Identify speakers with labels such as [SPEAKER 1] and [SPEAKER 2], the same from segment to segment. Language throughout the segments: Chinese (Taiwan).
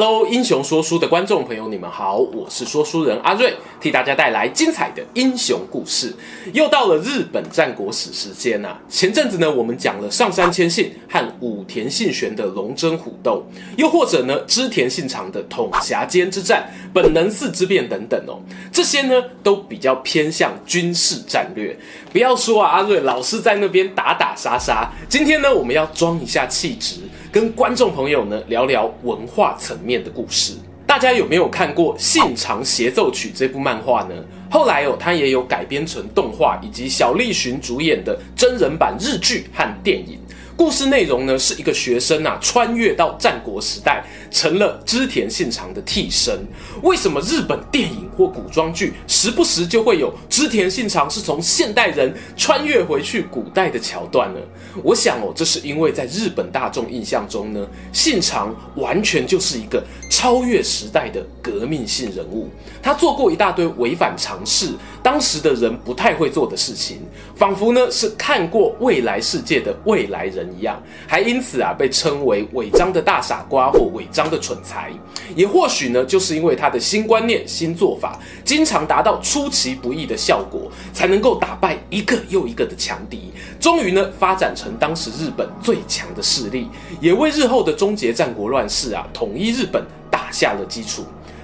[SPEAKER 1] Hello，英雄說書的觀眾朋友，你們好，我是說書人阿瑞，替大家帶來精彩的英雄故事。又到了日本戰國史時間啦、啊。前陣子呢，我們講了上杉謙信和武田信玄的龍爭虎鬥，又或者呢，織田信長的桶狹間之戰、本能寺之變等等哦、喔。這些呢，都比較偏向軍事戰略。不要說啊，阿瑞老是在那邊打打殺殺。今天呢，我們要裝一下氣質。跟觀眾朋友呢，聊聊文化層面的故事。大家有沒有看過《信長協奏曲》這部漫畫呢？後來哦，它也有改編成動畫，以及小栗旬主演的真人版日劇和電影。故事內容呢，是一個學生啊穿越到戰國時代，成了織田信長的替身。為什麼日本電影或古裝劇時不時就會有織田信長是從現代人穿越回去古代的橋段呢？我想哦，這是因為在日本大眾印象中呢，信長完全就是一個超越時代的革命性人物。他做過一大堆違反常識，當時的人不太會做的事情，仿佛呢是看過未來世界的未來人。一樣，還因此啊被稱為尾張的大傻瓜、或尾張的蠢材，也或許呢，就是因為他的新觀念、新做法，經常達到出其不意的效果，才能夠打敗一個又一個的強敵，終於呢發展成當時日本最強的勢力，也為日後的終結戰國亂世啊，統一日本打下了基礎。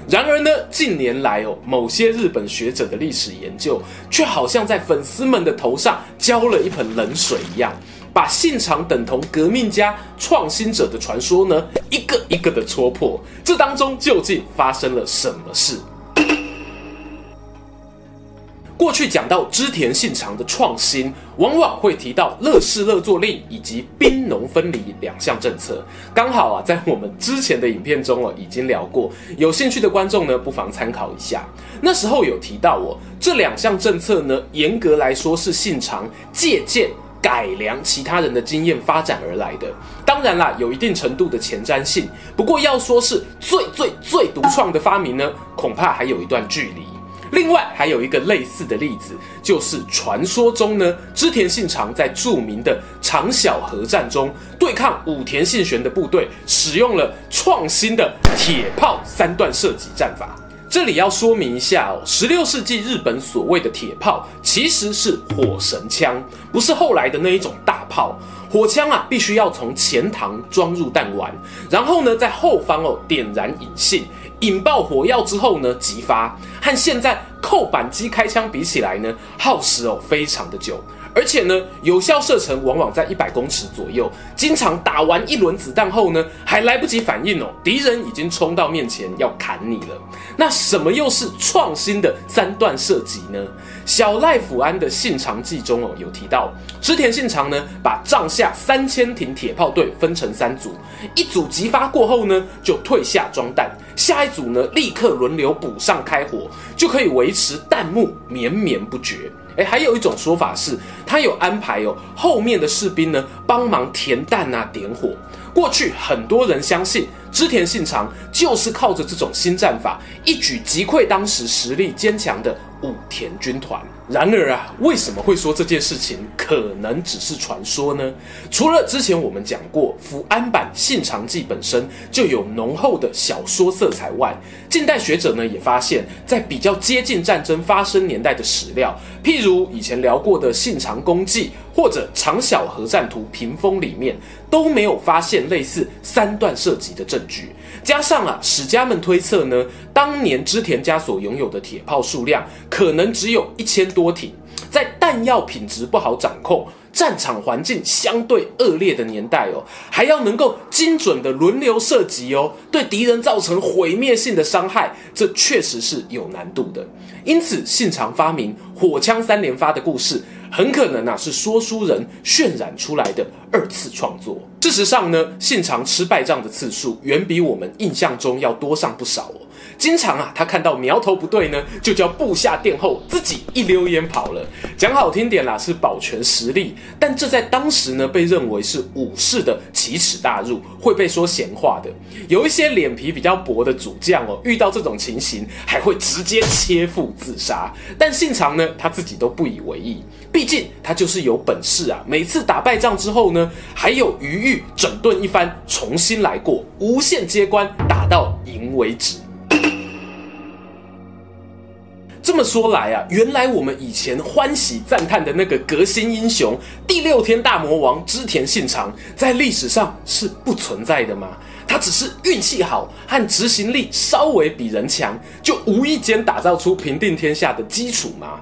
[SPEAKER 1] 然而呢，近年來哦，某些日本學者的歷史研究，卻好像在粉絲們的頭上澆了一盆冷水一樣，把信長等同革命家、創新者的傳說呢，一個一個的戳破。這當中究竟發生了什麼事？過去講到織田信長的創新，往往會提到“樂市樂座令”以及“兵農分離”兩項政策。剛好啊，在我們之前的影片中哦、啊，已經聊過。有興趣的觀眾呢，不妨參考一下。那時候有提到哦，這兩項政策呢，嚴格來說是信長借鑑改良其他人的經驗發展而來的。當然啦，有一定程度的前瞻性。不過要說是最最最獨創的發明呢，恐怕還有一段距離。另外還有一個類似的例子，就是傳說中呢，織田信長在著名的長篠合戰中，對抗武田信玄的部隊，使用了創新的鐵炮三段射擊戰法。這裡要說明一下哦，十六世紀日本所謂的鐵炮其實是火神槍，不是後來的那一種大炮。火槍啊，必須要從前膛裝入彈丸，然後呢，在後方哦點燃引信，引爆火藥之後呢，擊發。和現在扣扳機開槍比起來呢，耗時哦非常的久。而且呢，有效射程往往在一百公尺左右，經常打完一輪子彈後呢，還來不及反應哦，敵人已經衝到面前要砍你了。那什麼又是創新的三段射擊呢？小賴甫庵的信長記中哦，有提到織田信長呢，把帳下三千挺鐵炮隊分成三組，一組擊發過後呢，就退下裝彈，下一組呢立刻輪流補上開火，就可以維持彈幕綿綿不絕。哎、欸，還有一種說法是，他有安排哦，後面的士兵呢幫忙填彈啊，點火。過去很多人相信。織田信長就是靠着這種新戰法，一舉擊潰當時實力堅強的武田軍團。然而啊，為什麼會說這件事情可能只是傳說呢？除了之前我們講過福安版信長記本身就有濃厚的小說色彩外，近代學者呢也發現，在比較接近戰爭發生年代的史料，譬如以前聊過的信長公記或者長篠合戰圖屏風裡面。都沒有發現類似三段射擊的證據，加上啊，史家們推測呢，當年織田家所擁有的鐵炮數量可能只有一千多挺，在彈藥品質不好掌控、戰場環境相對惡劣的年代哦，還要能夠精準的輪流射擊哦，對敵人造成毀滅性的傷害，這確實是有難度的。因此，信長發明火槍三連發的故事，很可能啊，是說書人渲染出來的二次創作。事實上呢，信長吃敗仗的次數遠比我們印象中要多上不少哦。經常啊，他看到苗頭不對呢，就叫部下殿後，自己一溜煙跑了。講好聽點啦，是保全實力。但這在當時呢，被認為是武士的奇恥大辱，會被說閒話的。有一些臉皮比較薄的主將哦，遇到這種情形還會直接切腹自殺。但信長呢，他自己都不以為意，畢竟他就是有本事啊。每次打敗仗之後呢，還有餘裕整頓一番，重新來過，無限接關，打到贏為止。這麼說來啊，原來我們以前歡喜讚嘆的那個革新英雄、第六天大魔王織田信長，在歷史上是不存在的嗎？他只是運氣好和執行力稍微比人強，就無意間打造出平定天下的基礎嗎？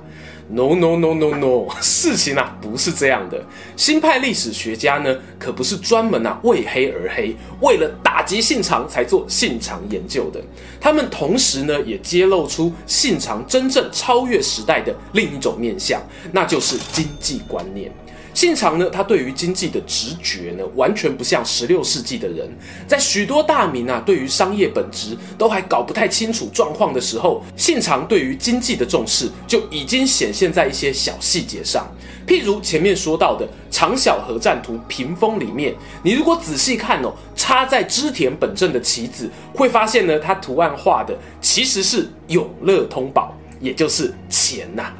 [SPEAKER 1] No no no no no，事情啊不是這樣的。新派歷史學家呢，可不是專門啊為黑而黑，為了打擊信長才做信長研究的。他們同時呢也揭露出信長真正超越時代的另一種面相，那就是經濟觀念。信長呢，他對於經濟的直覺呢，完全不像十六世紀的人。在許多大名啊，對於商業本質都還搞不太清楚狀況的時候，信長對於經濟的重視就已經顯現在一些小細節上。譬如前面說到的長篠合戰圖屏風裡面，你如果仔細看哦，插在織田本陣的旗子，會發現呢，它圖案畫的其實是永樂通寶，也就是錢吶、啊。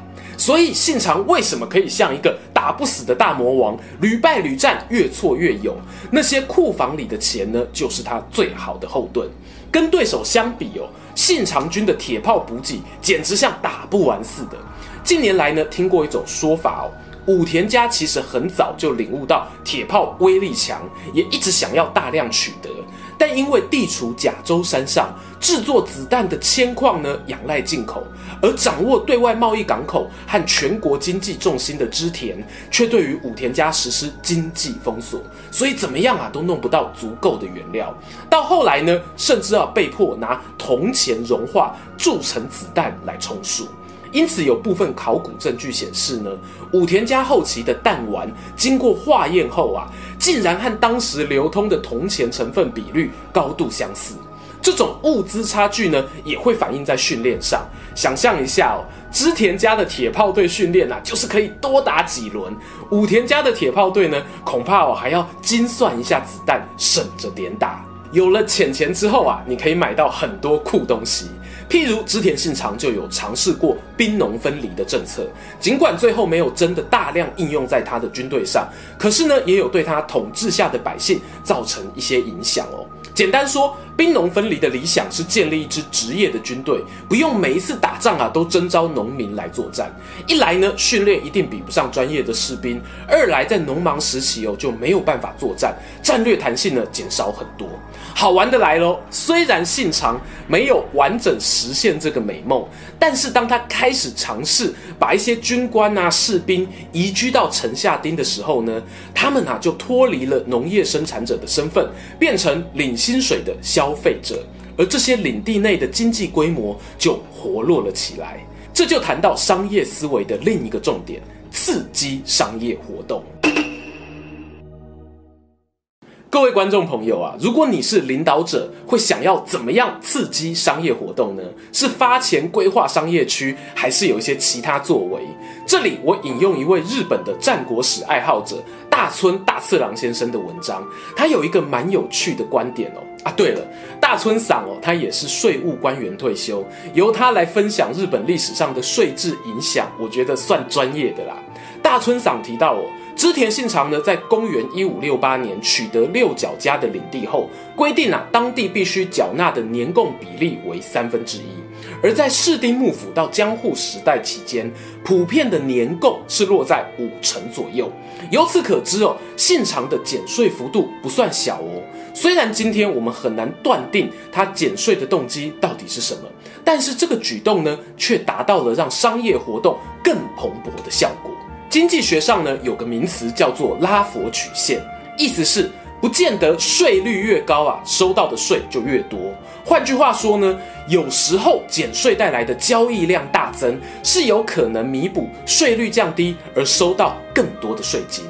[SPEAKER 1] 所以信長為什麼可以像一個打不死的大魔王，屢敗屢戰，越挫越勇？那些庫房裡的錢呢，就是他最好的後盾。跟對手相比哦，信長軍的鐵炮補給簡直像打不完似的。近年來呢，聽過一種說法哦，武田家其實很早就領悟到鐵炮威力強，也一直想要大量取得。但因為地處甲州山上，制作子彈的鉛礦呢，仰賴進口，而掌握對外貿易港口和全國經濟重心的織田，卻對於武田家實施經濟封鎖，所以怎麼樣啊都弄不到足夠的原料。到後來呢，甚至要、啊、被迫拿銅錢融化鑄成子彈來充數。因此，有部分考古證據顯示呢，武田家後期的彈丸經過化驗後啊，竟然和當時流通的銅錢成分比率高度相似。這種物資差距呢，也會反映在訓練上。想象一下哦，織田家的鐵炮隊訓練啊，就是可以多打幾輪；武田家的鐵炮隊呢，恐怕哦還要精算一下子彈，省着點打。有了錢錢之後啊，你可以買到很多酷東西。譬如織田信長就有嘗試過兵農分離的政策，儘管最後沒有真的大量應用在他的軍隊上，可是呢，也有對他統治下的百姓造成一些影響哦。簡單說，兵農分離的理想是建立一支職業的軍隊，不用每一次打仗啊都徵召農民來作戰。一來呢，訓練一定比不上專業的士兵；二來在農忙時期哦就沒有辦法作戰，戰略彈性呢減少很多。好玩的來嘍！雖然信長沒有完整實現這個美夢，但是當他開始嘗試把一些軍官啊、士兵移居到城下町的時候呢，他們啊就脫離了農業生產者的身份，變成領薪水的消費者，而這些領地內的經濟規模就活絡了起來。這就談到商業思維的另一個重點：刺激商業活動。各位觀眾朋友啊，如果你是領導者，會想要怎麼樣刺激商業活動呢？是發錢規劃商業區，還是有一些其他作為？這裡我引用一位日本的戰國史愛好者大村大次郎先生的文章，他有一個蠻有趣的觀點哦。啊，對了，大村桑哦，他也是稅務官員退休，由他來分享日本歷史上的稅制影響，我覺得算專業的啦。大村桑提到哦。織田信長呢，在公元一五六八年取得六角家的領地後，規定啊，當地必須繳納的年貢比例為三分之一。而在室町幕府到江戶時代期間，普遍的年貢是落在五成左右。由此可知哦，信長的減稅幅度不算小哦。雖然今天我們很難斷定他減稅的動機到底是什麼，但是這個舉動呢，卻達到了讓商業活動更蓬勃的效果。經濟學上呢，有個名詞叫做拉弗曲線，意思是不見得稅率越高啊，收到的稅就越多。換句話說呢，有時候減稅帶來的交易量大增，是有可能彌補稅率降低而收到更多的稅金。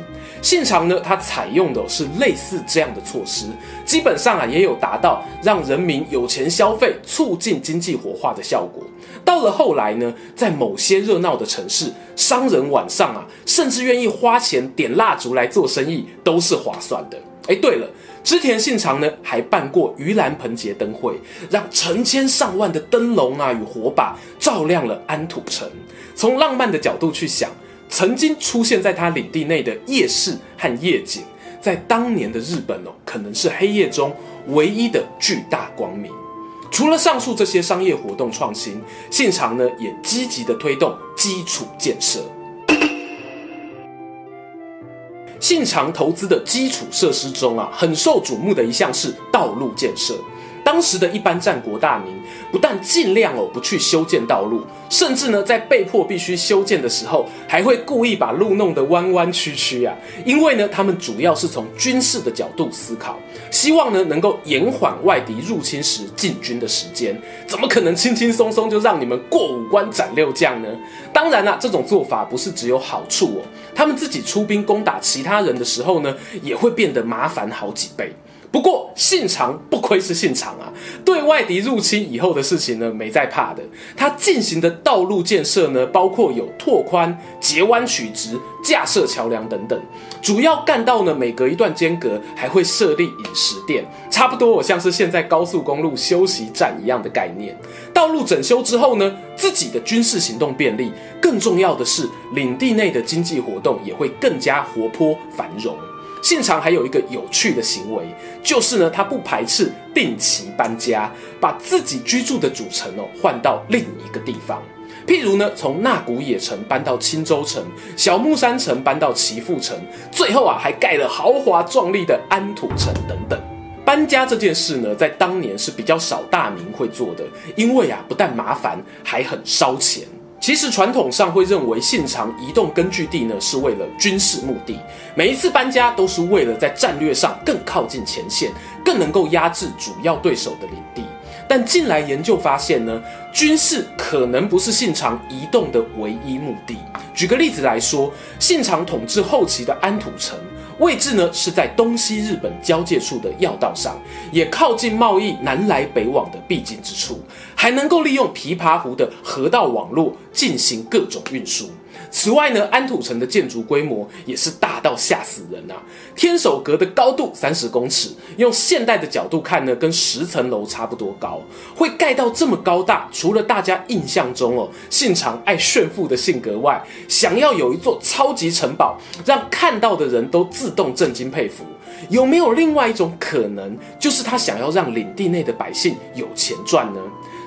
[SPEAKER 1] 信長呢，他採用的是類似這樣的措施，基本上啊也有達到讓人民有錢消費，促進經濟活化的效果。到了後來呢，在某些熱鬧的城市，商人晚上啊甚至願意花錢點蠟燭來做生意，都是划算的。哎，對了，織田信長呢還辦過盂蘭盆節燈會，讓成千上萬的燈籠啊與火把照亮了安土城。從浪漫的角度去想。曾經出現在他領地內的夜市和夜景，在當年的日本哦，可能是黑夜中唯一的巨大光明。除了上述這些商業活動創新，信長呢也積極的推動基礎建設。 信長投資的基礎設施中啊，很受矚目的一項是道路建設。當時的一般戰國大名，不但盡量哦不去修建道路，甚至呢在被迫必須修建的時候，還會故意把路弄得彎彎曲曲啊！因為呢他們主要是從軍事的角度思考，希望呢能夠延緩外敵入侵時進軍的時間。怎麼可能輕輕鬆鬆就讓你們過五關斬六將呢？當然啦、啊，這種做法不是只有好處哦。他們自己出兵攻打其他人的時候呢，也會變得麻煩好幾倍。不過，信長不愧是信長啊，對外敵入侵以後的事情呢，沒在怕的。他進行的道路建設呢，包括有拓寬、截彎取直、架設橋梁等等。主要幹道呢，每隔一段間隔還會設立飲食店，差不多像是現在高速公路休息站一樣的概念。道路整修之後呢，自己的軍事行動便利，更重要的是，領地內的經濟活動也會更加活潑繁榮。現場還有一個有趣的行為，就是呢，他不排斥定期搬家，把自己居住的主城哦換到另一個地方，譬如呢，從那古野城搬到清洲城，小牧山城搬到岐阜城，最後啊還蓋了豪華壯麗的安土城等等。搬家這件事呢，在當年是比較少大名會做的，因為啊，不但麻煩，還很燒錢。其實傳統上會認為信長移動根據地呢，是為了軍事目的，每一次搬家都是為了在戰略上更靠近前線，更能夠壓制主要對手的領地。但近來研究發現呢，軍事可能不是信長移動的唯一目的。舉個例子來說，信長統治後期的安土城。位置呢，是在東西日本交界處的要道上，也靠近貿易南來北往的必經之處，還能夠利用琵琶湖的河道網絡進行各種運輸。此外呢，安土城的建築規模也是大到嚇死人啊！天守閣的高度三十公尺，用現代的角度看呢，跟十層樓差不多高。會蓋到這麼高大，除了大家印象中哦，信長愛炫富的性格外，想要有一座超級城堡，讓看到的人都自動震驚佩服。有沒有另外一種可能，就是他想要讓領地內的百姓有錢賺呢？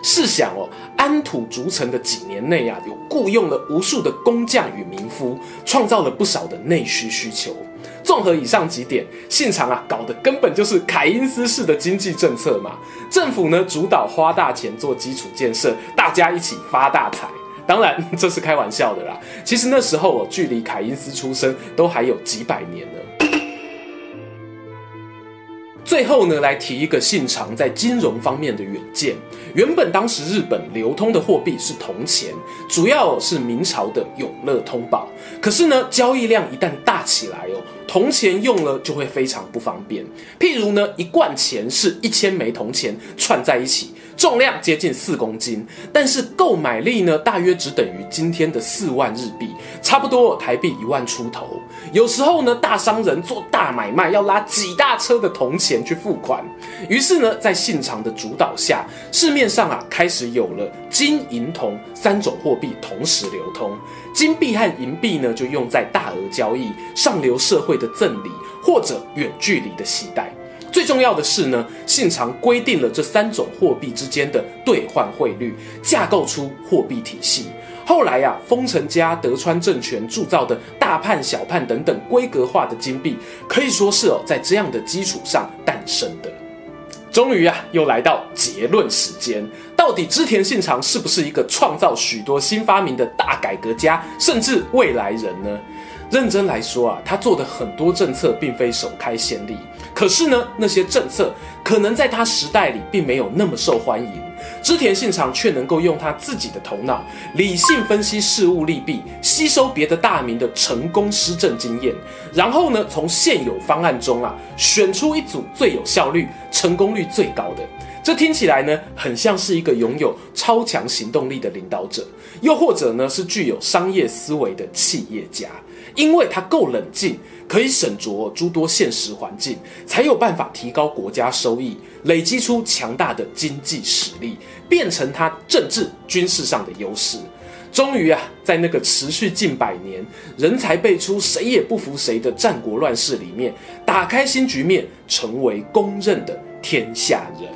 [SPEAKER 1] 試想哦，安土築城的幾年內啊，有僱傭了無數的工匠與民夫，創造了不少的內需需求。綜合以上幾點，信長啊搞的根本就是凱因斯式的經濟政策嘛，政府呢主導花大錢做基礎建設，大家一起發大財。當然這是開玩笑的啦，其實那時候哦，距離凱因斯出生都還有幾百年呢。最後呢，來提一個信長在金融方面的遠見。原本當時日本流通的貨幣是銅錢，主要是明朝的永樂通寶。可是呢，交易量一旦大起來哦，銅錢用了就會非常不方便，譬如呢，一貫錢是一千枚銅錢串在一起，重量接近四公斤，但是購買力呢，大約只等於今天的四萬日幣，差不多台幣一萬出頭。有時候呢，大商人做大買賣要拉幾大車的銅錢去付款，於是呢，在信長的主導下，市面上啊開始有了金銀銅三種貨幣同時流通，金幣和銀幣呢就用在大額交易、上流社會。的贈禮或者遠距離的攜帶，最重要的是呢，信長規定了這三種貨幣之間的兌換匯率，架構出貨幣體系。後來呀、啊，豐臣家德川政權鑄造的大判、小判等等規格化的金幣，可以說是哦，在這樣的基礎上誕生的。終於啊，又來到結論時間，到底織田信長是不是一個創造許多新發明的大改革家，甚至未來人呢？認真來說啊，他做的很多政策並非首開先例，可是呢，那些政策可能在他時代裡並沒有那麼受歡迎。織田信長卻能夠用他自己的頭腦，理性分析事物利弊，吸收別的大名的成功施政經驗，然後呢，從現有方案中啊，選出一組最有效率、成功率最高的。這聽起來呢，很像是一個擁有超強行動力的領導者，又或者呢，是具有商業思維的企業家。因為他夠冷靜，可以審酌諸多現實環境，才有辦法提高國家收益，累積出強大的經濟實力，變成他政治軍事上的優勢。終於啊，在那個持續近百年、人才輩出、誰也不服誰的戰國亂世裡面，打開新局面，成為公認的天下人。